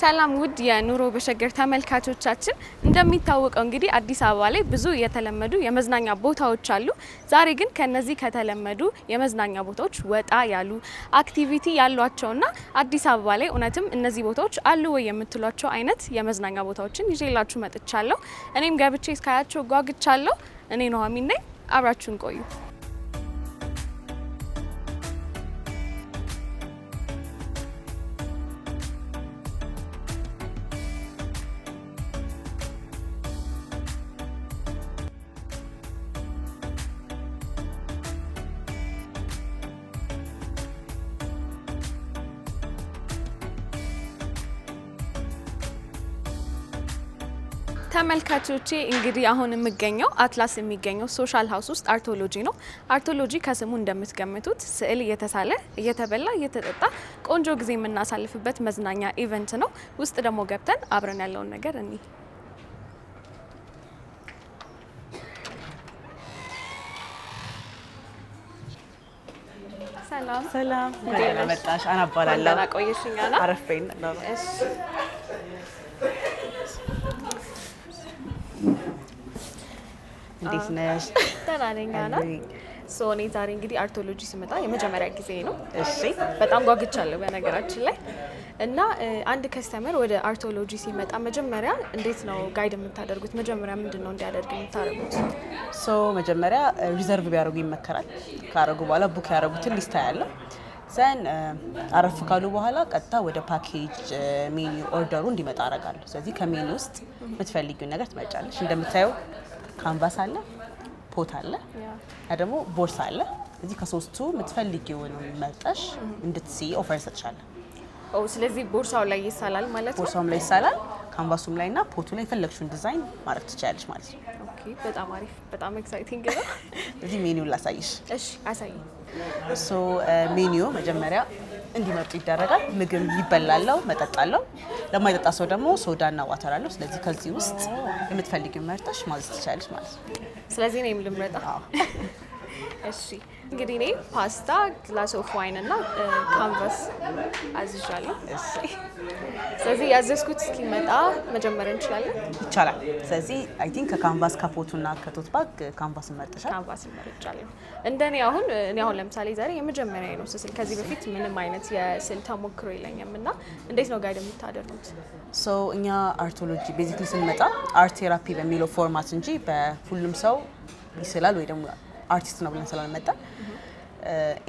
ሰላም ውድ የኑሮ በሸገር ተመልካቾቻችን፣ እንደሚታወቀው እንግዲህ አዲስ አበባ ላይ ብዙ የተለመዱ የመዝናኛ ቦታዎች አሉ። ዛሬ ግን ከነዚህ ከተለመዱ የመዝናኛ ቦታዎች ወጣ ያሉ አክቲቪቲ ያሏቸውና አዲስ አበባ ላይ እውነትም እነዚህ ቦታዎች አሉ ወይ የምትሏቸው አይነት የመዝናኛ ቦታዎችን ይዤላችሁ መጥቻለሁ። እኔም ገብቼ እስካያቸው ጓግቻለሁ። እኔ ነዋሚ ነኝ። አብራችሁን ቆዩ። ተመልካቾቼ እንግዲህ አሁን የምገኘው አትላስ የሚገኘው ሶሻል ሀውስ ውስጥ አርቶሎጂ ነው። አርቶሎጂ ከስሙ እንደምትገምቱት ስዕል እየተሳለ እየተበላ እየተጠጣ ቆንጆ ጊዜ የምናሳልፍበት መዝናኛ ኢቨንት ነው። ውስጥ ደግሞ ገብተን አብረን ያለውን ነገር እኒ ሰላም ሰላም፣ እንደምን መጣሽ? አና እባላለሁ። እንዴት ነሽ? ደህና ነኝ። እኔ ዛሬ እንግዲህ አርቶሎጂ ስመጣ የመጀመሪያ ጊዜ ነው። እሺ፣ በጣም ጓግቻለሁ በነገራችን ላይ እና አንድ ከስተመር ወደ አርቶሎጂ ሲመጣ መጀመሪያ እንዴት ነው ጋይድ የምታደርጉት? መጀመሪያ ምንድን ነው እንዲያደርግ የምታደርጉት? ሶ መጀመሪያ ሪዘርቭ ቢያደርጉ ይመከራል። ካደረጉ በኋላ ቡክ ያደረጉትን ሊስታ ያለው ዘን አረፍ ካሉ በኋላ ቀጥታ ወደ ፓኬጅ ሜኒ ኦርደሩ እንዲመጣ አረጋለሁ። ስለዚህ ከሜኒ ውስጥ የምትፈልጊውን ነገር ትመጫለች እንደምታየው ካንቫስ አለ፣ ፖት አለ ያ ደግሞ ቦርሳ አለ። እዚህ ከሶስቱ የምትፈልጊውን መርጠሽ እንድትሲ ኦፈር እሰጥሻለሁ። ስለዚህ ቦርሳው ላይ ይሳላል ማለት ነው። ቦርሳውም ላይ ይሳላል፣ ካንቫሱም ላይ እና ፖቱ ላይ የፈለግሽውን ዲዛይን ማድረግ ትችላለች ማለት ነው። ኦኬ፣ በጣም አሪፍ፣ በጣም ኤክሳይቲንግ ነው። እዚህ ሜኒው ላሳይሽ። እሺ፣ አሳይ። ሶ ሜኒው መጀመሪያ እንዲመርጡ ይደረጋል። ምግብ ይበላለው፣ መጠጣለው ለማይጠጣ ሰው ደግሞ እና ዋተር አለው። ስለዚህ ከዚህ ውስጥ የምትፈልጊው መርጠሽ ማዘዝ ትችላለች ማለት ነው። ስለዚህ ነው የምልምረጣ እሺ እንግዲህ እኔ ፓስታ፣ ግላስ ኦፍ ዋይን እና ካንቫስ አዝዣለሁ። ስለዚህ ያዘዝኩት እስኪመጣ መጀመር እንችላለን? ይቻላል። ስለዚህ አይ ቲንክ ከካንቫስ ከፎቶ እና ከቶት ባግ ካንቫስ እንመርጥሻል? ካንቫስ መርጫለሁ። እንደኔ አሁን እኔ አሁን ለምሳሌ ዛሬ የመጀመሪያ ነው ስስል ከዚህ በፊት ምንም አይነት የስል ተሞክሮ የለኝም እና እንዴት ነው ጋይድ የምታደርጉት? ሶ እኛ አርቶሎጂ ቤዚክሊ ስንመጣ አርት ቴራፒ በሚለው ፎርማት እንጂ በሁሉም ሰው ይስላል ወይ ደግሞ አርቲስት ነው ብለን ስላልመጣን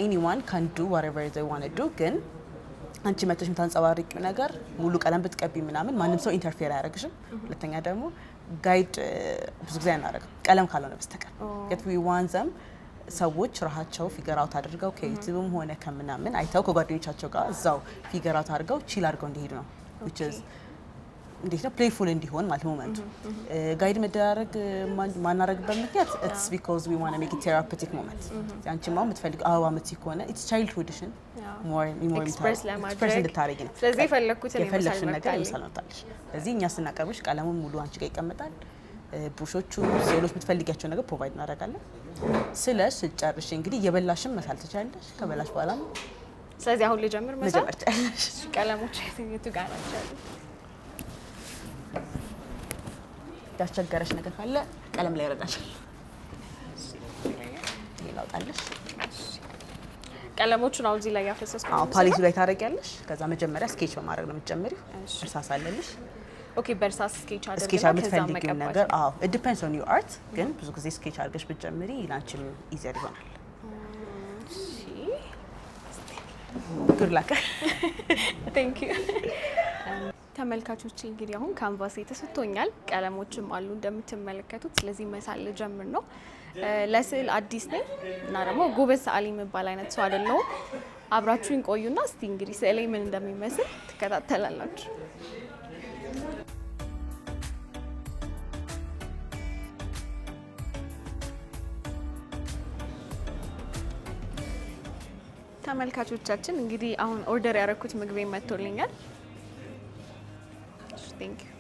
ኤኒዋን ካን ዱ ዋትኤቨር ዘይ ዋን ዱ ግን አንቺ መጥተሽ የምታንጸባርቂው ነገር ሙሉ ቀለም ብትቀቢ ምናምን ማንም ሰው ኢንተርፌር አያደርግሽም። ሁለተኛ ደግሞ ጋይድ ብዙ ጊዜ አናደርግም ቀለም ካልሆነ በስተቀር ት ዋንዘም ሰዎች ራሳቸው ፊገራውት አድርገው ከዩቲዩብም ሆነ ከምናምን አይተው ከጓደኞቻቸው ጋር እዛው ፊገራውት አድርገው ቺል አድርገው እንዲሄዱ ነው እንዴት ነው ፕሌይፉል እንዲሆን ማለት ሞመንቱ ጋይድ መደራረግ ማናረግበት ምክንያት ኢትስ ቢኮዝ ዊ ዋና ሜክ ቴራፒቲክ ሞመንት አንቺማ የምትፈልጊው አበባ ምት ከሆነ ኢትስ ቻይልድሁድሽን ኤክስፕሬስ እንድታረጊ ነው። ስለዚህ የፈለግሽን ነገር ይምሳል መጣለሽ። ስለዚህ እኛ ስናቀርብሽ ቀለሙን ሙሉ አንቺ ጋር ይቀመጣል። ብሩሾቹ፣ ሴሎች የምትፈልጊያቸው ነገር ፕሮቫይድ እናደርጋለን። ስለሽ ጨርሽ እንግዲህ የበላሽን መሳል ትችላለሽ። ከበላሽ በኋላ ስለዚህ አሁን ልጀምር መሳል ቀለሞች የትኛው ጋር ናቸው? ያስቸገረች ነገር ካለ ቀለም ላይ ይረዳሻል። ላውጣለሽ ቀለሞቹን አሁን እዚህ ላይ ያፈሰስኩ። አዎ ፓሌቱ ላይ ታደርጊያለሽ። ከዛ መጀመሪያ ስኬች በማድረግ ነው የምትጀምሪው። እርሳስ አለልሽ። ኦኬ በእርሳስ ስኬች አድርገን ስኬች ነገር አዎ፣ ኢት ኦን አርት። ግን ብዙ ጊዜ ስኬች አድርገሽ ብትጀምሪ ላንቺም ኢዚየር ይሆናል። ጉድ ቴንክ ዩ ተመልካቾች እንግዲህ አሁን ካንቫስ ተሰጥቶኛል። ቀለሞችም አሉ እንደምትመለከቱት። ስለዚህ መሳል ጀምር ነው። ለስዕል አዲስ ነኝ እና ደግሞ ጎበዝ ሰዓሊ የሚባል አይነት ሰው አይደለሁም። አብራችሁኝ ቆዩና እስቲ እንግዲህ ስዕሌ ምን እንደሚመስል ትከታተላላችሁ። ተመልካቾቻችን እንግዲህ አሁን ኦርደር ያደረኩት ምግቤ መጥቶልኛል። Thank you.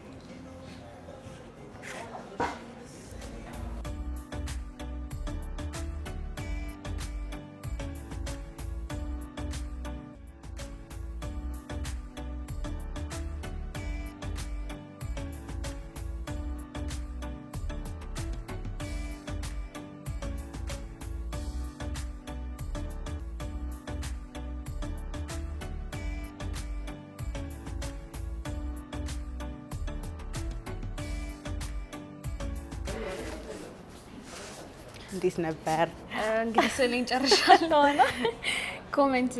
እንዴት ነበር? እንግዲህ ስዕሌን ጨርሻለሁ። ና ኮሜንት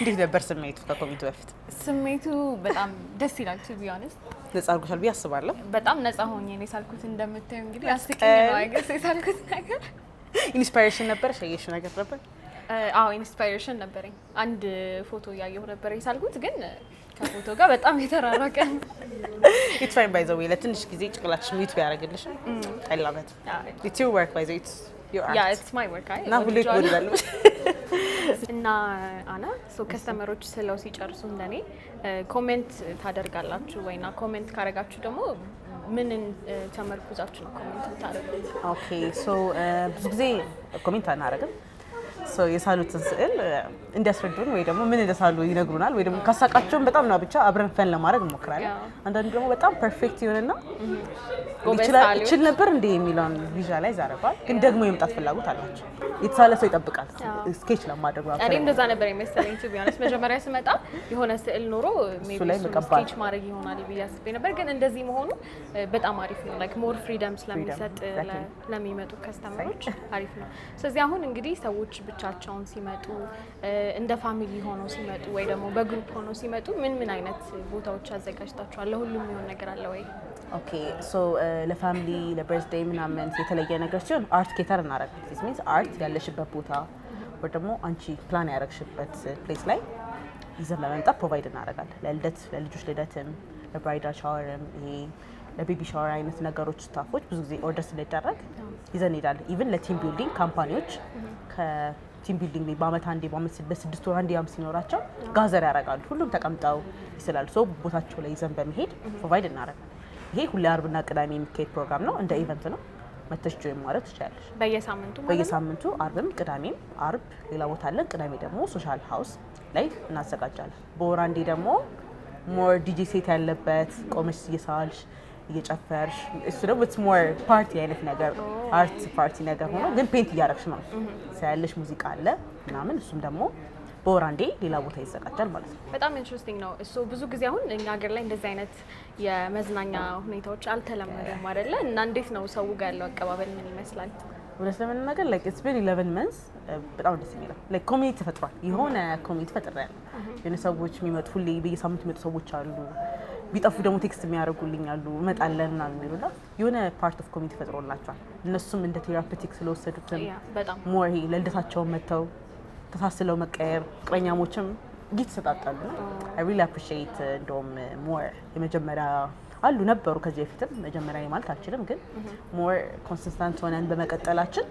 እንዴት ነበር ስሜቱ? ከኮሜንቱ በፊት ስሜቱ በጣም ደስ ይላል። ቱ ቢሆንስ ነጻ አድርጎሻል ብዬ አስባለሁ። በጣም ነጻ ሆኜ ነው የሳልኩት። እንደምታየው እንግዲህ አስቀኝ ነው አይገስ የሳልኩት ነገር። ኢንስፓይሬሽን ነበር ሸየሽ ነገር ነበር። አዎ ኢንስፓይሬሽን ነበረኝ። አንድ ፎቶ እያየሁ ነበር የሳልኩት ግን ከፎቶ ጋር በጣም የተራራቀ ኢትፋይን ባይ ዘ ዌይ ለትንሽ ጊዜ ጭቅላትሽ ሚት ቢያደርግልሽ አይ ኢትስ ዩር ወርክ ባይ ዘ ኢትስ እና አና ከስተመሮች ስለው ሲጨርሱ እንደኔ ኮሜንት ታደርጋላችሁ ወይና ኮሜንት ካደረጋችሁ ደግሞ ምንን ተመርኩዛችሁ ነው ኮሜንት ታደርጉ? ኦኬ ሶ ብዙ ጊዜ ኮሜንት አናደርግም የሳሉትን ስዕል እንዲያስረዱን ወይ ደግሞ ምን እንደሳሉ ይነግሩናል፣ ወይ ደግሞ ካሳቃቸውን በጣም ነው ብቻ አብረን ፈን ለማድረግ እንሞክራለን። አንዳንዱ ደግሞ በጣም ፐርፌክት ይሆንና ይችል ነበር እንደ የሚለውን ቪዥዋላይዝ ያደርገዋል። ግን ደግሞ የመምጣት ፍላጎት አላቸው። የተሳለ ሰው ይጠብቃል ስኬች ለማድረግ እኔ እንደዛ ነበር የመሰለኝ። ቢሆነስ መጀመሪያ ስመጣ የሆነ ስዕል ኖሮ ስኬች ማድረግ ይሆናል ብዬ አስቤ ነበር። ግን እንደዚህ መሆኑ በጣም አሪፍ ነው። ላይክ ሞር ፍሪደም ስለሚሰጥ ለሚመጡ ከስተመሮች አሪፍ ነው። ስለዚህ አሁን እንግዲህ ሰዎች ብቻቸውን ሲመጡ እንደ ፋሚሊ ሆኖ ሲመጡ ወይ ደግሞ በግሩፕ ሆኖ ሲመጡ ምን ምን አይነት ቦታዎች አዘጋጅታችኋል? ለሁሉም የሚሆን ነገር አለ ወይ? ኦኬ ሶ ለፋሚሊ ለበርዝዴይ ምናምን የተለየ ነገር ሲሆን አርት ኬተር እናደርግ አርት ያለሽበት ቦታ ወይ ደግሞ አንቺ ፕላን ያደረግሽበት ፕሌስ ላይ ይዘን ለመምጣት ፕሮቫይድ እናደርጋለን። ለልደት ለልጆች ልደትም ለብራይዳል ሻወርም ይሄ ለቤቢ ሻወር አይነት ነገሮች ስታፎች ብዙ ጊዜ ኦርደር ስንደረግ ይዘን ሄዳለን። ኢቨን ለቲም ቢልዲንግ ካምፓኒዎች ከቲም ቢልዲንግ ላይ በአመት አንዴ በስድስት ወር አንዴ ያም ሲኖራቸው ጋዘር ያደርጋሉ። ሁሉም ተቀምጠው ይስላሉ። ሰው ቦታቸው ላይ ይዘን በመሄድ ፕሮቫይድ እናደርጋለን። ይሄ ሁሌ አርብና ቅዳሜ የሚካሄድ ፕሮግራም ነው። እንደ ኢቨንት ነው መተሽ ጆይን ማለት ትችላለች። በየሳምንቱ በየሳምንቱ አርብም ቅዳሜም። አርብ ሌላ ቦታ አለን፣ ቅዳሜ ደግሞ ሶሻል ሀውስ ላይ እናዘጋጃለን። በወር አንዴ ደግሞ ሞር ዲጂ ሴት ያለበት ቆመች እየሳልሽ እየጨፈርሽ እሱ ደግሞ ኢትስ ሞር ፓርቲ አይነት ነገር አርት ፓርቲ ነገር ሆኖ ግን ፔንት እያደረግሽ ነው ያለሽ። ሙዚቃ አለ ምናምን፣ እሱም ደግሞ በወር አንዴ ሌላ ቦታ ይዘጋጃል ማለት ነው። በጣም ኢንትረስቲንግ ነው እሱ። ብዙ ጊዜ አሁን እኛ ሀገር ላይ እንደዚህ አይነት የመዝናኛ ሁኔታዎች አልተለመደም አይደለ? እና እንዴት ነው ሰው ጋር ያለው አቀባበል ምን ይመስላል? እውነት ለመናገር ላይክ ኢትስ ቢን ኢለቨን መንስ በጣም ደስ የሚለው ላይክ ኮሚኒቲ ተፈጥሯል። የሆነ ኮሚኒቲ ፈጥሬያለሁ። የሆነ ሰዎች የሚመጡ ሁሌ በየሳምንት የሚመጡ ሰዎች አሉ ቢጠፉ ደግሞ ቴክስት የሚያደርጉልኝ አሉ እመጣለን ና የሚሉና የሆነ ፓርት ኦፍ ኮሚቴ ፈጥሮላቸዋል። እነሱም እንደ ቴራፒቲክ ስለወሰዱትም ሞር ይሄ ለልደታቸውን መጥተው ተሳስለው መቀየር ፍቅረኛሞችም ጊት ይሰጣጣሉ። አይ ሪሊ አፕሪሺየት እንደውም ሞር የመጀመሪያ አሉ ነበሩ ከዚህ በፊትም መጀመሪያ ማለት አልችልም፣ ግን ሞር ኮንሲስተንት ሆነን በመቀጠላችን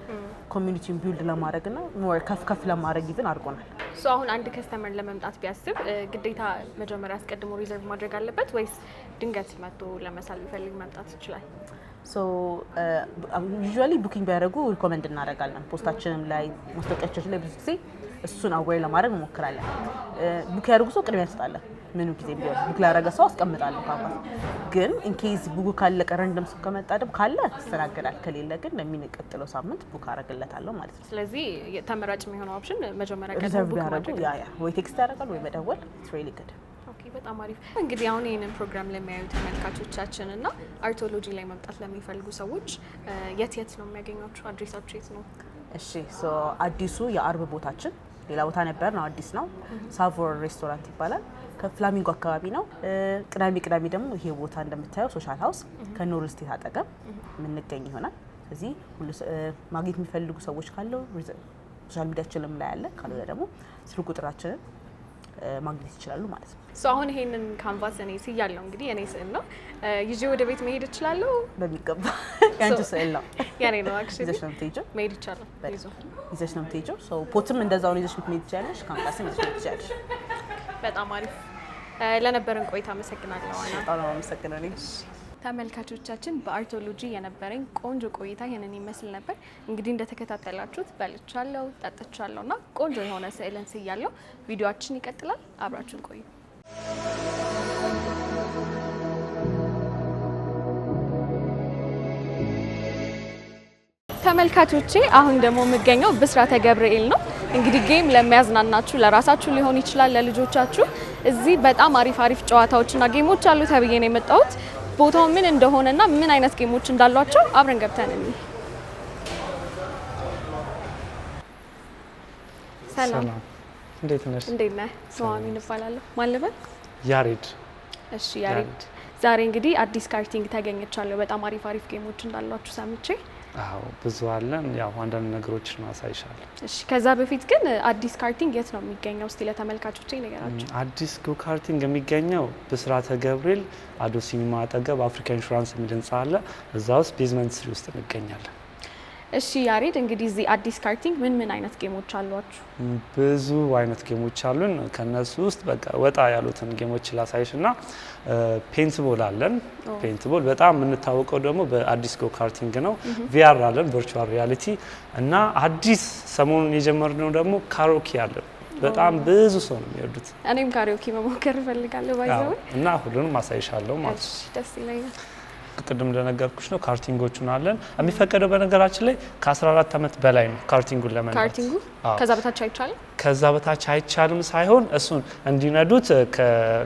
ኮሚኒቲን ቢውልድ ለማድረግ ና ሞር ከፍ ከፍ ለማድረግ ይብን አድርጎናል። እሱ አሁን አንድ ከስተመር ለመምጣት ቢያስብ ግዴታ መጀመሪያ አስቀድሞ ሪዘርቭ ማድረግ አለበት ወይስ ድንገት መጥቶ ለመሳል ቢፈልግ መምጣት ይችላል? ዩዥዋሊ ቡኪንግ ቢያደርጉ ሪኮመንድ እናደርጋለን። ፖስታችንም ላይ ማስታወቂያችን ላይ ብዙ ጊዜ እሱን አወይ ለማድረግ እንሞክራለን። ቡክ ያደርጉ ሰው ቅድሚያ እንሰጣለን። ምኑ ጊዜ ቢሆን ቡክ ላደረገ ሰው አስቀምጣለሁ። ካፓስ ግን ኢንኬዝ ቡክ ካለቀ ረንደም ሰው ከመጣ ድም ካለ ያስተናግዳል፣ ከሌለ ግን ለሚንቀጥለው ሳምንት ቡክ አደረግለታለሁ ማለት ነው። ስለዚህ ተመራጭ የሚሆነው ኦፕሽን መጀመሪያ ሪዘርቭ ያደረጉ ወይ ቴክስት ያደርጋል ወይ መደወል ሬሊ ግድ በጣም አሪፍ እንግዲህ አሁን ይህንን ፕሮግራም ለሚያዩ ተመልካቾቻችን እና አርቶሎጂ ላይ መምጣት ለሚፈልጉ ሰዎች የት የት ነው የሚያገኟቸው? አድሬሳቸው የት ነው? እሺ አዲሱ የአርብ ቦታችን ሌላ ቦታ ነበር ነው፣ አዲስ ነው። ሳቮር ሬስቶራንት ይባላል። ከፍላሚንጎ አካባቢ ነው። ቅዳሜ ቅዳሜ ደግሞ ይሄ ቦታ እንደምታየው ሶሻል ሀውስ ከኖር ስቴት አጠገብ የምንገኝ ይሆናል። ስለዚህ ማግኘት የሚፈልጉ ሰዎች ካለው ሶሻል ሚዲያችንም ላይ አለ፣ ካልሆነ ደግሞ ስልክ ቁጥራችንን ማግኘት ይችላሉ ማለት ነው። አሁን ይሄንን ካንቫስ እኔ ስያለው እንግዲህ እኔ ስዕል ነው ይዤ ወደ ቤት መሄድ እችላለሁ በሚገባ ያንቺ ስዕል ነው። ያኔ ለነበረን ቆይታ አመሰግናለሁ። ተመልካቾቻችን በአርቶሎጂ የነበረኝ ቆንጆ ቆይታ ይህንን ይመስል ነበር። እንግዲህ እንደተከታተላችሁት በልቻለሁ፣ ጠጥቻለሁ እና ቆንጆ የሆነ ስዕልን ስያለሁ። ቪዲዮችን ይቀጥላል። አብራችን ቆዩ። ተመልካቾቼ አሁን ደግሞ የምገኘው ብስራተ ገብርኤል ነው። እንግዲህ ጌም ለሚያዝናናችሁ ለራሳችሁ ሊሆን ይችላል፣ ለልጆቻችሁ እዚህ በጣም አሪፍ አሪፍ ጨዋታዎችና ጌሞች አሉ ተብዬ ነው የመጣሁት። ቦታው ምን እንደሆነና ምን አይነት ጌሞች እንዳሏቸው አብረን ገብተን እንይ። ሰላም፣ እንዴት ነሽ? እንዴት ነህ? ሰዋሚን እባላለሁ። ማን ልበል? ያሬድ። እሺ ያሬድ ዛሬ እንግዲህ አዲስ ካርቲንግ ተገኝቻለሁ። በጣም አሪፍ አሪፍ ጌሞች እንዳሏችሁ ሰምቼ። አዎ ብዙ አለን። ያው አንዳንድ ነገሮች ማሳይሻል። እሺ፣ ከዛ በፊት ግን አዲስ ካርቲንግ የት ነው የሚገኘው? እስቲ ለተመልካቾች ንገራቸው። አዲስ ጎ ካርቲንግ የሚገኘው ብስራተ ገብርኤል አዶ ሲኒማ አጠገብ አፍሪካ ኢንሹራንስ የሚል ህንጻ አለ። እዛ ውስጥ ቤዝመንት ስሪ ውስጥ እንገኛለን። እሺ ያሬድ እንግዲህ እዚህ አዲስ ካርቲንግ ምን ምን አይነት ጌሞች አሏችሁ? ብዙ አይነት ጌሞች አሉን። ከነሱ ውስጥ በቃ ወጣ ያሉትን ጌሞች ላሳይሽ እና ፔንትቦል አለን። ፔንትቦል በጣም የምንታወቀው ደግሞ በአዲስ ጎ ካርቲንግ ነው። ቪአር አለን፣ ቨርቹዋል ሪያሊቲ እና አዲስ ሰሞኑን የጀመርነው ደግሞ ካሮኪ አለን። በጣም ብዙ ሰው ነው የሚወዱት። እኔም ካሪዮኪ መሞከር እፈልጋለሁ ባይዘው እና ሁሉንም አሳይሻለሁ ማለት ደስ ይለኛል። ቅድም እንደነገርኩሽ ነው። ካርቲንጎቹን አለን የሚፈቀደው በነገራችን ላይ ከ14 ዓመት በላይ ነው ካርቲንጉን ለመንዳት። ካርቲንጉ ከዛ በታች አይቻልም። ከዛ በታች አይቻልም ሳይሆን እሱን እንዲነዱት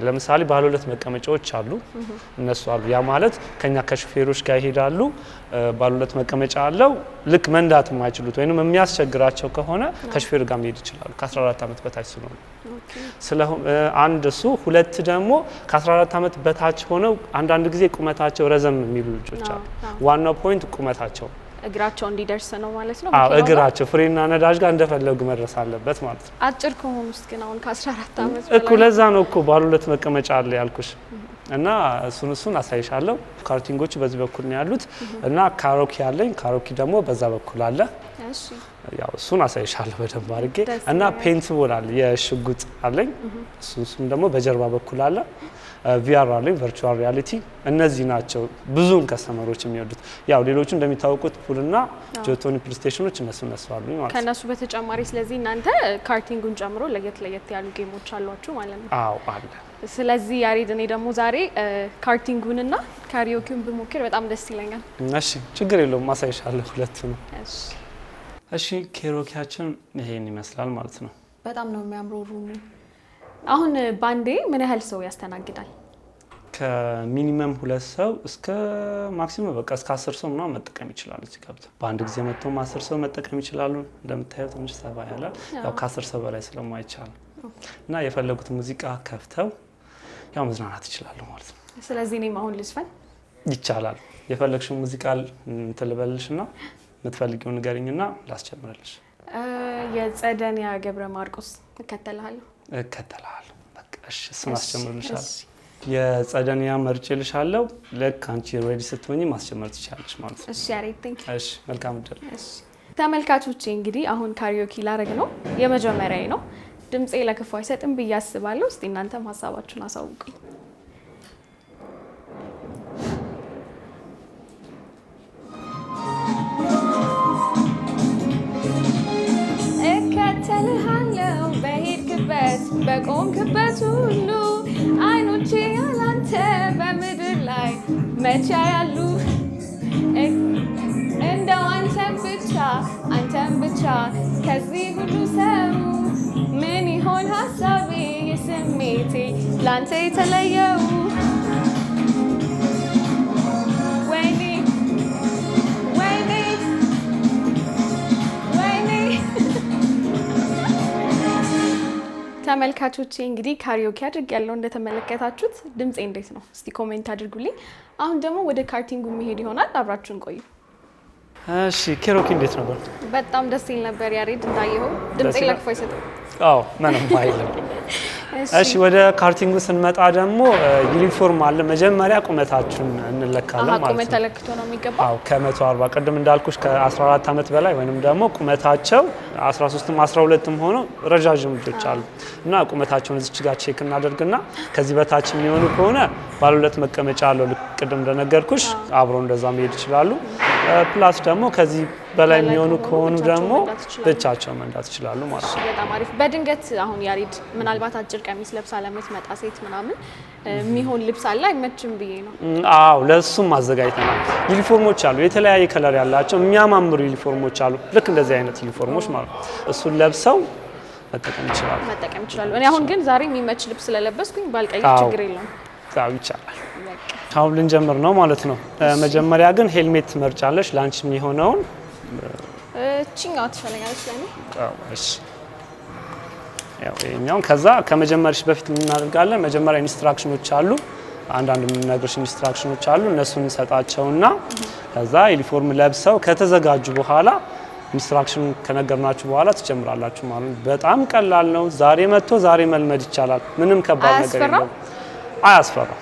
ለምሳሌ ባለ ሁለት መቀመጫዎች አሉ፣ እነሱ አሉ። ያ ማለት ከኛ ከሹፌሮች ጋር ይሄዳሉ። ባለ ሁለት መቀመጫ አለው። ልክ መንዳት የማይችሉት ወይም የሚያስቸግራቸው ከሆነ ከሹፌር ጋር መሄድ ይችላሉ፣ ከ14 ዓመት በታች ስለሆነ ስለሆነ አንድ እሱ። ሁለት ደግሞ ከ14 ዓመት በታች ሆነው አንዳንድ ጊዜ ቁመታቸው ረዘም የሚሉ ልጆች አሉ። ዋናው ፖይንት ቁመታቸው እግራቸው እንዲደርስ ነው ማለት ነው። አዎ እግራቸው ፍሬና ነዳጅ ጋር እንደፈለጉ መድረስ አለበት ማለት ነው። አጭር ከሆኑ ውስጥ ግን አሁን ከ14 ዓመት እኮ ለዛ ነው እኮ ባለ ሁለት መቀመጫ አለ ያልኩሽ እና እሱን እሱን አሳይሻለሁ። ካርቲንጎቹ በዚህ በኩል ነው ያሉት እና ካሮኪ አለኝ። ካሮኪ ደግሞ በዛ በኩል አለ። ያው እሱን አሳይሻለሁ በደንብ አድርጌ እና ፔንት ቦል አለ የሽጉጥ አለኝ እሱም ደግሞ በጀርባ በኩል አለ። ቪአር አለ፣ ቨርቹዋል ሪያሊቲ እነዚህ ናቸው ብዙውን ከስተመሮች የሚወዱት። ያው ሌሎቹ እንደሚታወቁት ፑልና ጆቶኒ ፕሌስቴሽኖች እነሱ እነሱ አሉ ማለት ነው። ከእነሱ በተጨማሪ ስለዚህ እናንተ ካርቲንጉን ጨምሮ ለየት ለየት ያሉ ጌሞች አሏችሁ ማለት ነው? አዎ አለ። ስለዚህ ያሬድ፣ እኔ ደግሞ ዛሬ ካርቲንጉንና ካሪዮኪውን ብሞክር በጣም ደስ ይለኛል። እሺ፣ ችግር የለውም አሳይሻለሁ፣ ሁለቱ ነው። እሺ፣ ካሪዮኪያችን ይሄን ይመስላል ማለት ነው። በጣም ነው የሚያምረው ሩሙ አሁን ባንዴ ምን ያህል ሰው ያስተናግዳል? ከሚኒመም ሁለት ሰው እስከ ማክሲመም በቃ እስከ አስር ሰው ምናምን መጠቀም ይችላሉ። እዚህ ገብተው በአንድ ጊዜ መጥተውም አስር ሰው መጠቀም ይችላሉ። እንደምታየው ትንሽ ሰፋ ያላል። ያው ከአስር ሰው በላይ ስለማይቻል እና የፈለጉት ሙዚቃ ከፍተው ያው መዝናናት ይችላሉ ማለት ነው። ስለዚህ እኔም አሁን ልዝፈን ይቻላል። የፈለግሽው ሙዚቃ ትልበልሽ እና የምትፈልጊውን ንገሪኝና ላስጀምረልሽ የጸደንያ ገብረ ማርቆስ እከተልሃለሁ እከተልሃለሁ። በቃ እሺ፣ እሱን አስጀምርልሻለሁ። የጸደንያ መርጬልሻለሁ። ልክ አንቺ ሬዲ ስትሆኝ ማስጀመር ትችላለሽ ማለት ነው። እሺ፣ አሬት ቲንክ። እሺ፣ መልካም እድል። እሺ፣ ተመልካቾቼ እንግዲህ አሁን ካሪዮኪ ላረግ ነው። የመጀመሪያ ነው። ድምፄ ለክፉ አይሰጥም ብዬ አስባለሁ። እስቲ እናንተም ሀሳባችሁን አሳውቁኝ። በቆምክበት ሁሉ አይኖቼ ያላንተ በምድር ላይ መቼ ያሉ እንደው አንተን ብቻ አንተን ብቻ ከዚህ ሁሉ ሰው ምን ይሆን ሀሳቤ የስሜቴ ላንተ የተለየው ተመልካቾቼ እንግዲህ ካሪዮኪ አድርግ ያለው እንደተመለከታችሁት ድምፄ እንዴት ነው? እስቲ ኮሜንት አድርጉልኝ። አሁን ደግሞ ወደ ካርቲንጉ መሄድ ይሆናል። አብራችሁን ቆዩ። እሺ ኬሮኪ እንዴት ነበር? በጣም ደስ ይል ነበር ያሬድ። እንዳየኸው ድምፄ ለክፎ አይሰጥም። አዎ ምንም አይልም። እሺ ወደ ካርቲንጉ ስንመጣ ደግሞ ዩኒፎርም አለ። መጀመሪያ ቁመታችን እንለካለን ማለት ነው። ቁመት ተለክቶ ነው የሚገባ። አዎ ከ140 ቅድም እንዳልኩሽ ከ14 ዓመት በላይ ወይንም ደግሞ ቁመታቸው 13ም 12ም ሆኖ ረዣዥም ልጆች አሉ እና ቁመታቸውን እዚች ጋር ቼክ እናደርግና ከዚህ በታች የሚሆኑ ከሆነ ባለሁለት መቀመጫ አለው። ቅድም እንደነገርኩሽ አብሮ እንደዛ መሄድ ይችላሉ። ፕላስ ደግሞ ከዚህ በላይ የሚሆኑ ከሆኑ ደግሞ ብቻቸው መንዳት ይችላሉ ማለት ነው። በጣም አሪፍ። በድንገት አሁን ያሬድ ምናልባት አጭር ቀሚስ ለብሳ ለምትመጣ ሴት ምናምን የሚሆን ልብስ አለ አይመችም ብዬ ነው። አዎ ለእሱም አዘጋጅተናል። ዩኒፎርሞች አሉ፣ የተለያየ ከለር ያላቸው የሚያማምሩ ዩኒፎርሞች አሉ። ልክ እንደዚህ አይነት ዩኒፎርሞች ማለት ነው። እሱን ለብሰው መጠቀም ይችላሉ መጠቀም ይችላሉ። እኔ አሁን ግን ዛሬ የሚመች ልብስ ስለለበስኩኝ ባልቀይር ችግር የለውም። ይቻላል። አሁን ልንጀምር ነው ማለት ነው። መጀመሪያ ግን ሄልሜት ትመርጫለሽ ላንች የሚሆነውን እቺኛው ትፈልጋለች ለኔ? አዎ ከዛ ከመጀመርሽ በፊት ምን እናደርጋለን? መጀመሪያ ኢንስትራክሽኖች አሉ፣ አንዳንድ የምንነግርሽ ኢንስትራክሽኖች አሉ። እነሱን እንሰጣቸውና ከዛ ዩኒፎርም ለብሰው ከተዘጋጁ በኋላ ኢንስትራክሽን ከነገርናችሁ በኋላ ትጀምራላችሁ ማለት ነው። በጣም ቀላል ነው። ዛሬ መጥቶ ዛሬ መልመድ ይቻላል። ምንም ከባድ ነገር የለም። አያስፈራም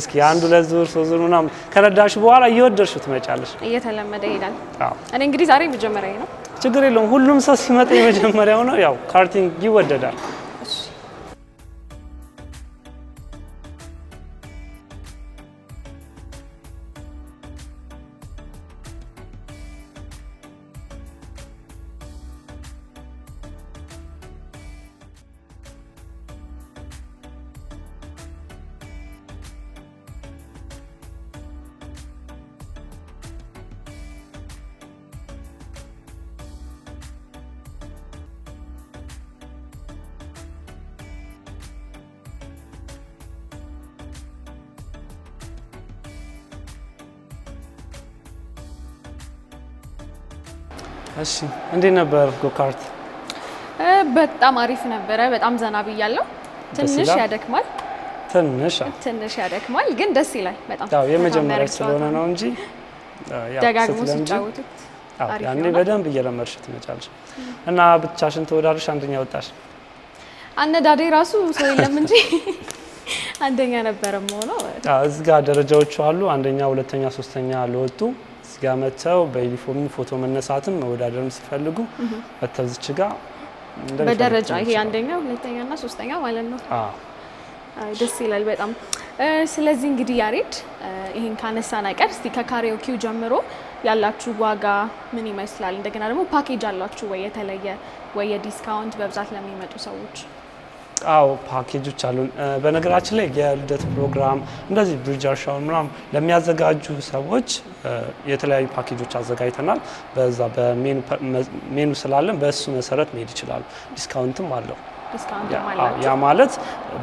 እስኪ አንድ ሁለት ዙር ሶስት ዙር ምናምን በኋላ እየወደድሽ ትመጫለሽ። እየተለመደ ይላል። እኔ እንግዲህ ዛሬ መጀመሪያ ነው፣ ችግር የለውም። ሁሉም ሰው ሲመጣ የመጀመሪያው ነው። ያው ካርቲንግ ይወደዳል። እሺ እንዴት ነበር ጎካርት? በጣም አሪፍ ነበረ። በጣም ዘና ብያለሁ። ትንሽ ያደክማል ትንሽ ትንሽ ያደክማል፣ ግን ደስ ይላል። በጣም ያው የመጀመሪያ ስለሆነ ነው እንጂ ደጋግሞ ሲጫወቱት ያኔ በደንብ እየለመድሽ ትመጫለሽ። እና ብቻሽን ተወዳድረሽ አንደኛ ወጣሽ? አነዳዴ ራሱ ሰው የለም እንጂ አንደኛ ነበረ መሆነው። እዚህ ጋር ደረጃዎቹ አሉ። አንደኛ፣ ሁለተኛ፣ ሶስተኛ ለወጡ እዚጋ መጥተው በዩኒፎርም ፎቶ መነሳትም መወዳደርም ሲፈልጉ መጥተው ጋ በደረጃ ይሄ አንደኛ ሁለተኛና ሶስተኛ ማለት ነው። ደስ ይላል በጣም። ስለዚህ እንግዲህ ያሬድ ይህን ካነሳን አይቀር እስቲ ከካሪዎኪው ጀምሮ ያላችሁ ዋጋ ምን ይመስላል? እንደገና ደግሞ ፓኬጅ አላችሁ ወይ የተለየ ወይ የዲስካውንት በብዛት ለሚመጡ ሰዎች አዎ ፓኬጆች አሉን። በነገራችን ላይ የልደት ፕሮግራም እንደዚህ ብሪጃር ሻውን ምናምን ለሚያዘጋጁ ሰዎች የተለያዩ ፓኬጆች አዘጋጅተናል። በዛ በሜኑ ስላለን በእሱ መሰረት መሄድ ይችላሉ። ዲስካውንትም አለው። ያ ማለት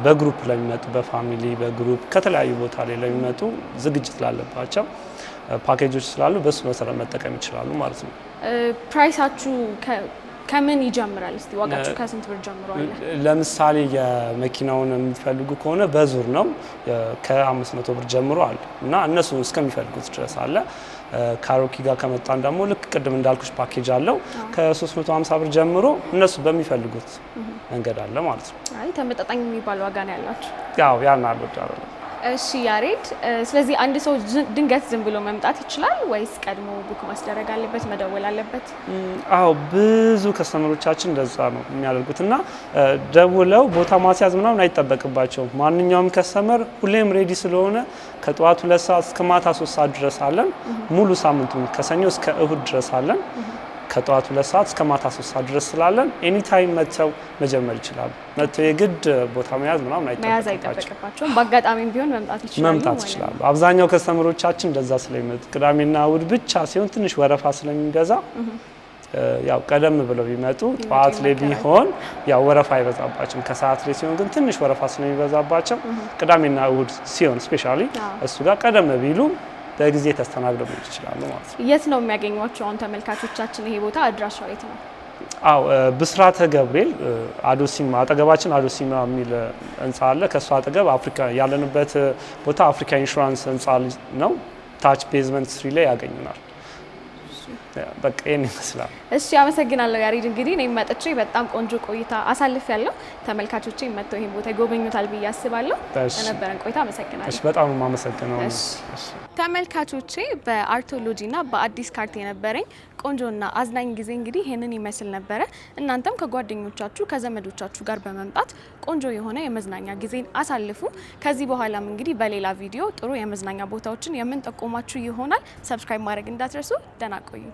በግሩፕ ለሚመጡ በፋሚሊ በግሩፕ ከተለያዩ ቦታ ላይ ለሚመጡ ዝግጅት ላለባቸው ፓኬጆች ስላሉ በእሱ መሰረት መጠቀም ይችላሉ ማለት ነው። ፕራይሳችሁ ከምን ይጀምራል? እስቲ ዋጋችሁ ከስንት ብር ጀምሮ አለ? ለምሳሌ የመኪናውን የሚፈልጉ ከሆነ በዙር ነው ከ500 ብር ጀምሮ አለ እና እነሱ እስከሚፈልጉት ድረስ አለ። ካሮኪ ጋር ከመጣን ደግሞ ልክ ቅድም እንዳልኩሽ ፓኬጅ አለው ከ350 ብር ጀምሮ እነሱ በሚፈልጉት መንገድ አለ ማለት ነው። አይ ተመጣጣኝ የሚባል ዋጋ ነው ያላችሁ። ያው ያን አይደለም እሺ ያሬድ፣ ስለዚህ አንድ ሰው ድንገት ዝም ብሎ መምጣት ይችላል ወይስ ቀድሞ ቡክ ማስደረግ አለበት መደወል አለበት? አዎ ብዙ ከስተመሮቻችን እንደዛ ነው የሚያደርጉት እና ደውለው ቦታ ማስያዝ ምናምን አይጠበቅባቸውም። ማንኛውም ከስተመር ሁሌም ሬዲ ስለሆነ ከጠዋት ሁለት ሰዓት እስከ ማታ ሶስት ሰዓት ድረስ አለን። ሙሉ ሳምንቱን ከሰኞ እስከ እሁድ ድረስ አለን። ከጠዋት ሁለት ሰዓት እስከ ማታ ሶስት ሰዓት ድረስ ስላለን ኤኒታይም መጥተው መጀመር ይችላሉ። መጥተው የግድ ቦታ መያዝ ምናምን አይጠበቅባቸውም። በአጋጣሚም ቢሆን መምጣት ይችላሉ። አብዛኛው ከስተምሮቻችን እንደዛ ስለሚመጡ ቅዳሜና እሁድ ብቻ ሲሆን ትንሽ ወረፋ ስለሚበዛ ያው ቀደም ብለው ቢመጡ ጠዋት ላይ ቢሆን ያው ወረፋ አይበዛባቸውም። ከሰዓት ላይ ሲሆን ግን ትንሽ ወረፋ ስለሚበዛባቸው ቅዳሜና እሁድ ሲሆን ስፔሻሊ እሱ ጋር ቀደም ቢሉ በጊዜ ተስተናግዶ መሄድ ይችላሉ ማለት ነው። የት ነው የሚያገኟቸው? አሁን ተመልካቾቻችን ይሄ ቦታ አድራሻው የት ነው? አው ብስራተ ገብርኤል አዶሲማ አጠገባችን አዶሲማ የሚል ህንፃ አለ። ከእሱ አጠገብ አፍሪካ ያለንበት ቦታ አፍሪካ ኢንሹራንስ ህንፃ ነው። ታች ቤዝመንት ስሪ ላይ ያገኙናል። በቃ ይህን ይመስላል። እሺ አመሰግናለሁ ያሬድ። እንግዲህ እኔም መጥቼ በጣም ቆንጆ ቆይታ አሳልፍ ያለው ተመልካቾቼ መጥተው ይህን ቦታ ይጎበኙታል ብዬ አስባለሁ። ለነበረን ቆይታ አመሰግናለሁ። በጣም አመሰግናለሁ ተመልካቾቼ። በአርቶሎጂና በአዲስ ካርት የነበረኝ ቆንጆና አዝናኝ ጊዜ እንግዲህ ይህንን ይመስል ነበረ። እናንተም ከጓደኞቻችሁ ከዘመዶቻችሁ ጋር በመምጣት ቆንጆ የሆነ የመዝናኛ ጊዜን አሳልፉ። ከዚህ በኋላም እንግዲህ በሌላ ቪዲዮ ጥሩ የመዝናኛ ቦታዎችን የምንጠቆማችሁ ይሆናል። ሰብስክራይብ ማድረግ እንዳትረሱ። ደህና ቆዩ።